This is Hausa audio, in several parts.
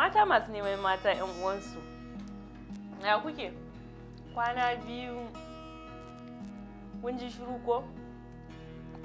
mata masu neman mata 'yan uwansu ya kuke kwana biyu kunji ji shiru ko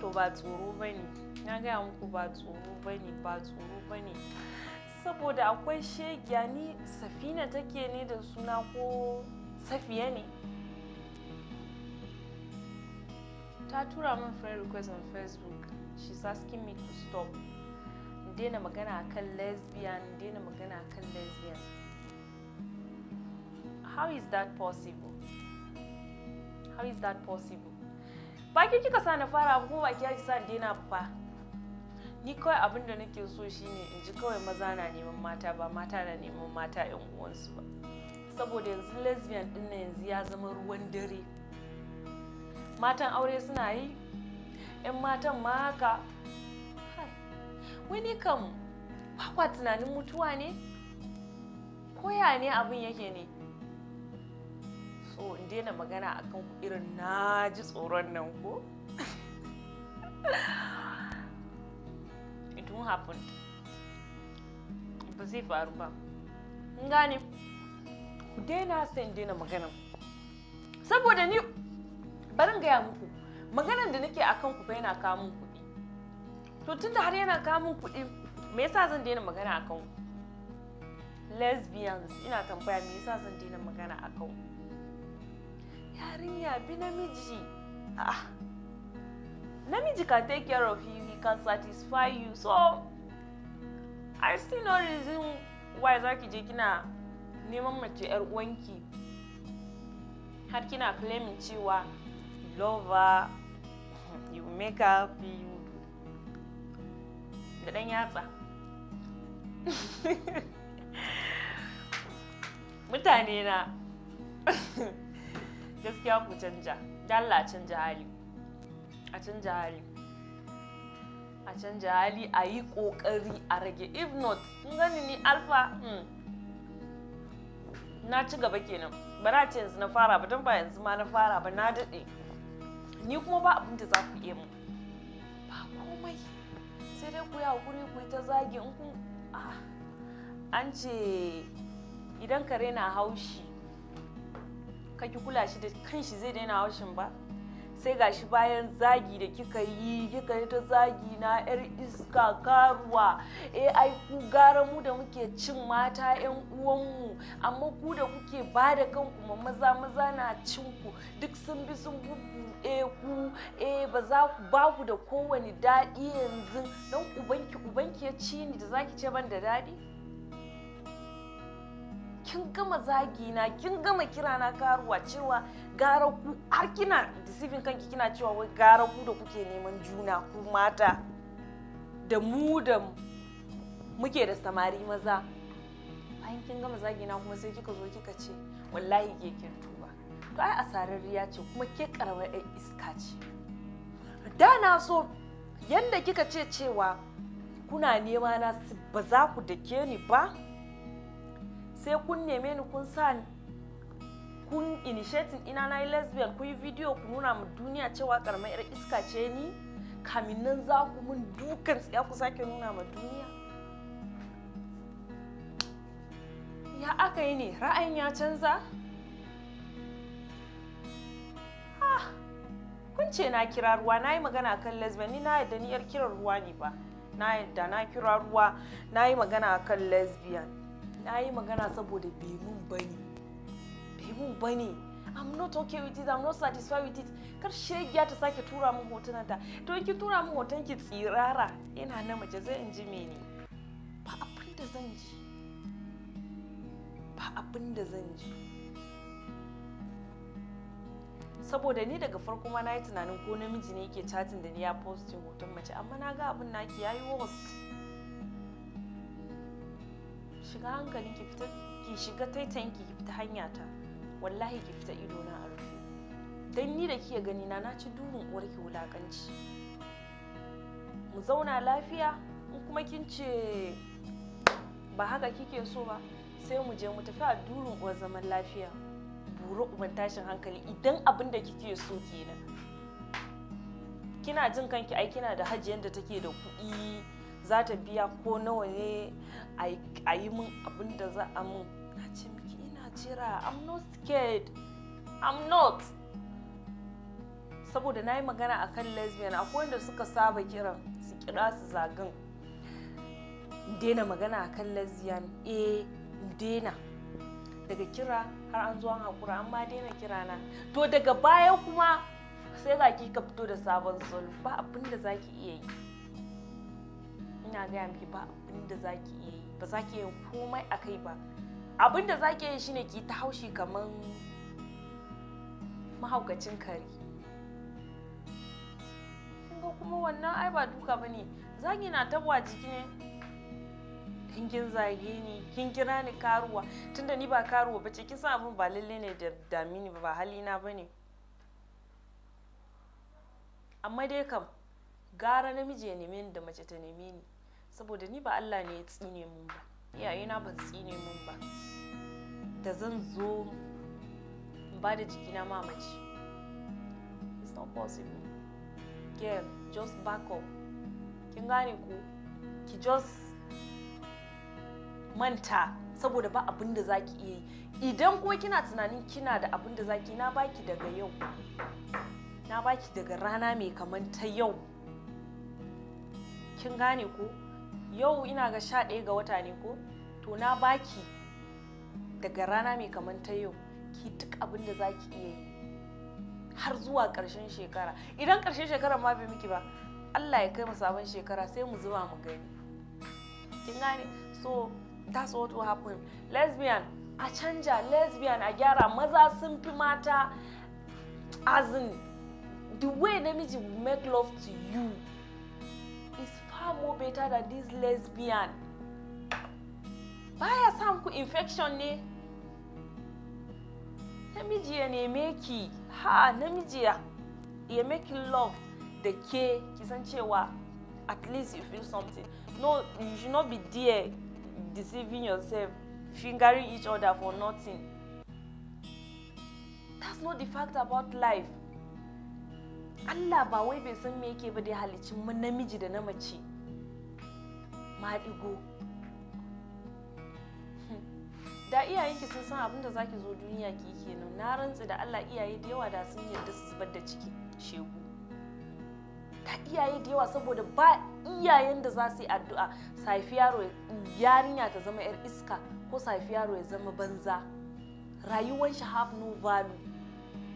to ba tsoro ba ne na gaya muku ba tsoro ba ne ba tsoro ba ne saboda akwai shegiya ni safina take ne da suna ko safiya ne ta tura min friend request on facebook she's asking me to stop daina magana kan lesbian daina magana kan lesbian how is that possible how is that possible ba ki kika sa na fara abu kuma ba ki sa daina ba ni kawai abin da nake so shine in ji kawai maza na neman mata ba mata na neman mata yan uwansu ba saboda yanzu lesbian din na yanzu ya zama ruwan dare matan aure suna yi 'yan matan ma haka wani kam ba kwa tunanin mutuwa ne koya ne abin yake ne so in daina magana akan irin na ji tsoron nan ko it won't happen ba zai faru ba in gane ku daina sai in daina magana saboda ni barin gaya muku maganan da nake akan ku bai na kamun ku. to tunda har yana kamun kuɗi me yasa zan daina magana akan lesbians ina tambaya me yasa zan daina magana akan yarinya bi namiji ah namiji can take care of you he can satisfy you so i still no reason why za ki je kina neman mace yar uwanki har kina claiming cewa lover you make up you da ɗan yatsa mutane na gaskiya ku canja dalla a canja hali a canja hali a canja hali a yi ƙoƙari a rage if not kun gani ni alfa hmm. na ci gaba kenan ba na ce yanzu na fara ba don ba yanzu ma na fara ba na daɗe ni kuma ba abin da za ku iya mu dai ku yi hakuri ku yi ta zagi in kun ah, an ce idan kare na haushi kaki kula shi da kanshi zai daina haushin ba sai gashi bayan zagi da kika yi kika yi ta zagi na yar iska karuwa e ai ku gara mu da muke cin mata yan uwanmu amma ku da kuke ba da kanku ma maza maza na cin ku duk sun bi sun e ku e ba za ku ba ku da kowani daɗi yanzu don ubanki ubanki ya ci ni da zaki ce ban da daɗi kin gama zagi na kin gama kira na karuwa cewa gara ku har kina disibin kanki kina cewa wai gara ku da kuke neman juna ku mata da mu da muke da samari maza bayan kin gama zagi na kuma sai kika zo kika ce wallahi ke kin tuba to ai asararriya ce kuma ke karamar iska ce da na so yadda kika ce cewa kuna nema na ba za ku dake ni ba sai kun neme ni kun sa kun initiatin ina na lesbian kun yi video ku nuna mu duniya cewa karamar yar iska ce ni kamin nan za ku mun dukan ya ku sake nuna ma duniya ya aka yi ne ra'ayin ya canza ah. kun ce na kira ruwa na yi magana kan lesbian ni na yadda ni kira ruwa ne ba na yadda na kira ruwa na yi magana kan lesbian na yi magana saboda bai mun bane bai mun bane I'm not okay with it, I'm not satisfied with it. Kar shegiya ta sake tura min ta To ki tura min hoton ki tsirara ina na mace zai in ji mene. Ba abin da zan ji. Ba abin da zan ji. saboda ni daga farko ma na yi tunanin ko namiji ne yake chatin da ni ya postin hoton mace amma na ga abin naki ya yi shiga hankali ki fita ki shiga taitan ki ki fita hanya ta wallahi ki fita ido na a rufe dan ni da kiya gani na naci ci duhun uwar ki wulakanci mu zauna lafiya in kuma kin ce ba haka kike so ba sai mu je mu tafi a durin uwar zaman lafiya kori uban tashin hankali idan abin da kike so kenan kina jin kanki ai kina da hajiyar da take da kuɗi za ta biya ko nawa ne a yi min abin da za a min na ce miki ina jira i'm not scared i'm not saboda na yi magana a kan lesbian akwai wanda suka saba kiran su kira su zagin daina magana a kan lesbian eh daina daga kira har an zuwa hakura an ma daina kira na to daga baya kuma sai ga ki ka fito da sabon salo ba abin da zaki iya yi ina gaya miki ba abin da zaki iya yi ba zaki yin komai a kai ba abin da zaki iya shine ki ta haushi kaman mahaukacin kare kin ga kuma wannan ai ba duka bane zagi na tabwa jiki ne in kin zage ni kin kira ni karuwa tunda ni ba karuwa ba ce kisa abin ba lalle ne da dami ni ba halina ba ne amma dai kam gara namiji ya neme ni da mace ta neme ni saboda ni ba Allah ne ya tsine mun ba iyayena ba tsine mun ba da zan zo in ba da jikina mamaci. mace it's not possible girl just back up kin gane ku? ki just manta saboda ba abin da za ki yi idan kuma kina tunanin kina da abin da za ki na baki daga yau na baki daga rana mai kaman ta yau kin gane ko yau ina ga sha ɗaya ga wata ne ko to na baki daga rana mai kaman ta yau ki duk abin da za ki iya yi har zuwa ƙarshen shekara idan ƙarshen shekara ma bai miki ba allah ya kai mu sabon shekara sai mu zuba mu gani kin gane so that's what will happen lesbian a canja lesbian a gyara maza sun fi mata as in the way namiji make love to you is far more better than this lesbian baya samun ku infection ne namiji ya neme ki ha namiji ya ya make love da ke kisan cewa at least you feel something no you should not be there deceiving yourself, fingering each other for nothing. That's not the fact about life. Allah ba wai bai san me yake ba da halicci mun namiji da na mace. digo. Hmm. Da iyayenki sun san abin da zaki zo duniya ki kenan. Na rantsa da Allah iyaye da yawa da sun yarda su zubar da ciki. Shegu. ta iyaye da yawa saboda ba iyayen da za su yi addu'a saifi yaro yarinya ta zama yar iska ko saifi yaro ya zama banza rayuwan shi have no value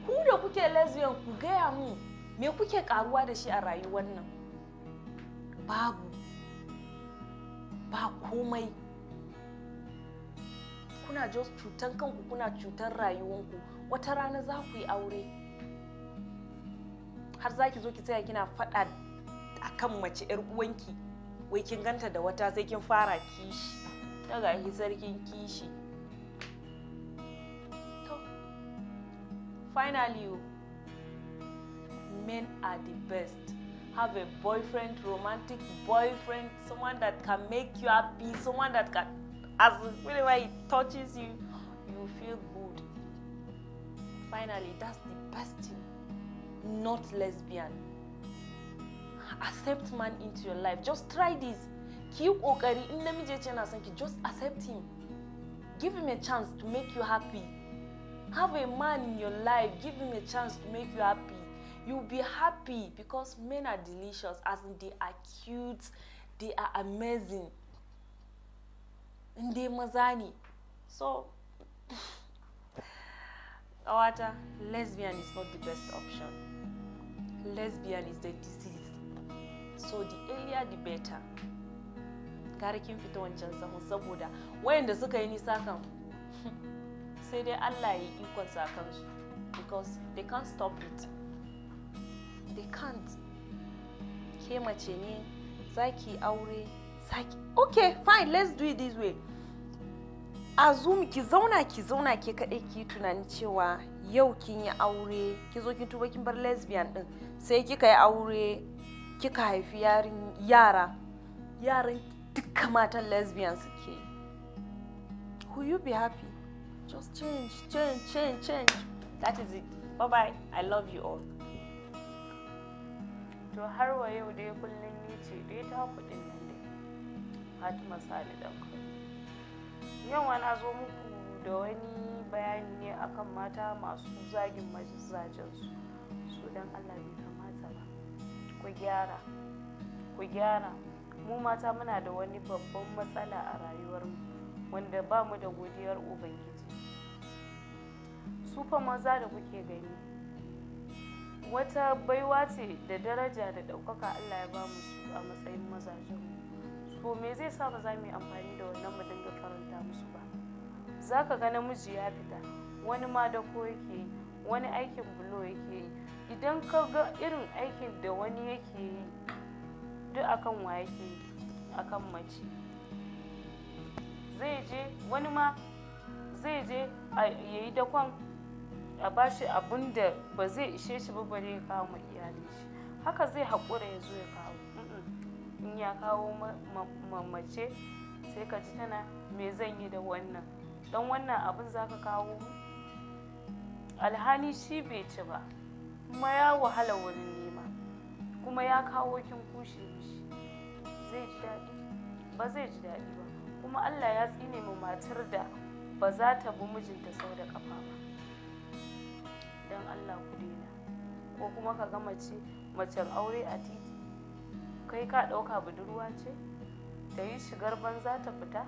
ku da kuke lesbian ku gaya mu me kuke karuwa da shi a rayuwar nan babu ba komai kuna jos cutan kanku kuna cutar rayuwanku wata rana za ku yi aure har za ki zo ki tsaya kina faɗa akan mace 'yar uwanki wai kin ganta da wata sai kin fara kishi ta gashi sarkin kishi to finally men are the best have a boyfriend romantic boyfriend someone that can make you happy someone that can as whenever he touches you you feel good finally that's the best thing not lesbian. Accept man into your life. Just try this. Ki okari in namiji ya just accept him. Give him a chance to make you happy. Have a man in your life. Give him a chance to make you happy. You'll be happy because men are delicious as in they are cute, they are amazing. And they mazani. So water lesbian is not the best option. lesbian is a disease so the earlier the better gara kin fita wancan sahu saboda wayanda suka yi nisa kan sai dai Allah ya yi ikon sa kansu because they can't stop it they can't ke mace ne zaki aure zaki okay fine let's do it this way a zoom ki zauna ki zauna ke kaɗai ki tunani cewa yau kin yi aure ki zo kin tuba kin bar lesbian din sai kika yi aure kika haifi yara yaran duka matan lesbian suke will you be happy just change change change change that is it bye bye i love you all to har wa yau dai kullum ni ce dai ta kudin nan dai Fatima Sani Danko yau na zo muku da wani bayani ne akan mata masu zagin majizajensu Su don allah bai kamata ba ku gyara ku gyara mu mata muna da wani babban matsala a rayuwarmu wanda ba mu da godiyar ubangiji su fa maza da kuke gani wata baiwa ce da daraja da ɗaukaka allah ya ba mu su a matsayin mazajen so me zai sa ba za mu yi amfani da wannan mu dinga faranta musu ba za ka ga namiji ya fita wani ma da ko yake wani aikin bulo yake yi idan ka ga irin aikin da wani yake yi duk akan wa yake yi akan mace zai je wani ma zai je ya yi dakon a bashi abin da ba zai ishe shi ba bare ya kawo ma iyalin shi haka zai haƙura ya zo ya kawo in ya kawo mace sai ka ji tana me zan yi da wannan dan wannan abin za ka kawo alhali shi bai ci ba kuma ya wahala wurin nema kuma ya kawo kin kushe mishi zai ji daɗi ba zai ji daɗi ba kuma Allah ya tsine mu matar da ba za ta bi mijinta sau da ƙafa ba don Allah ku daina ko kuma ka ga mace macen aure a titi kai ka ɗauka budurwa ce ta yi shigar banza ta fita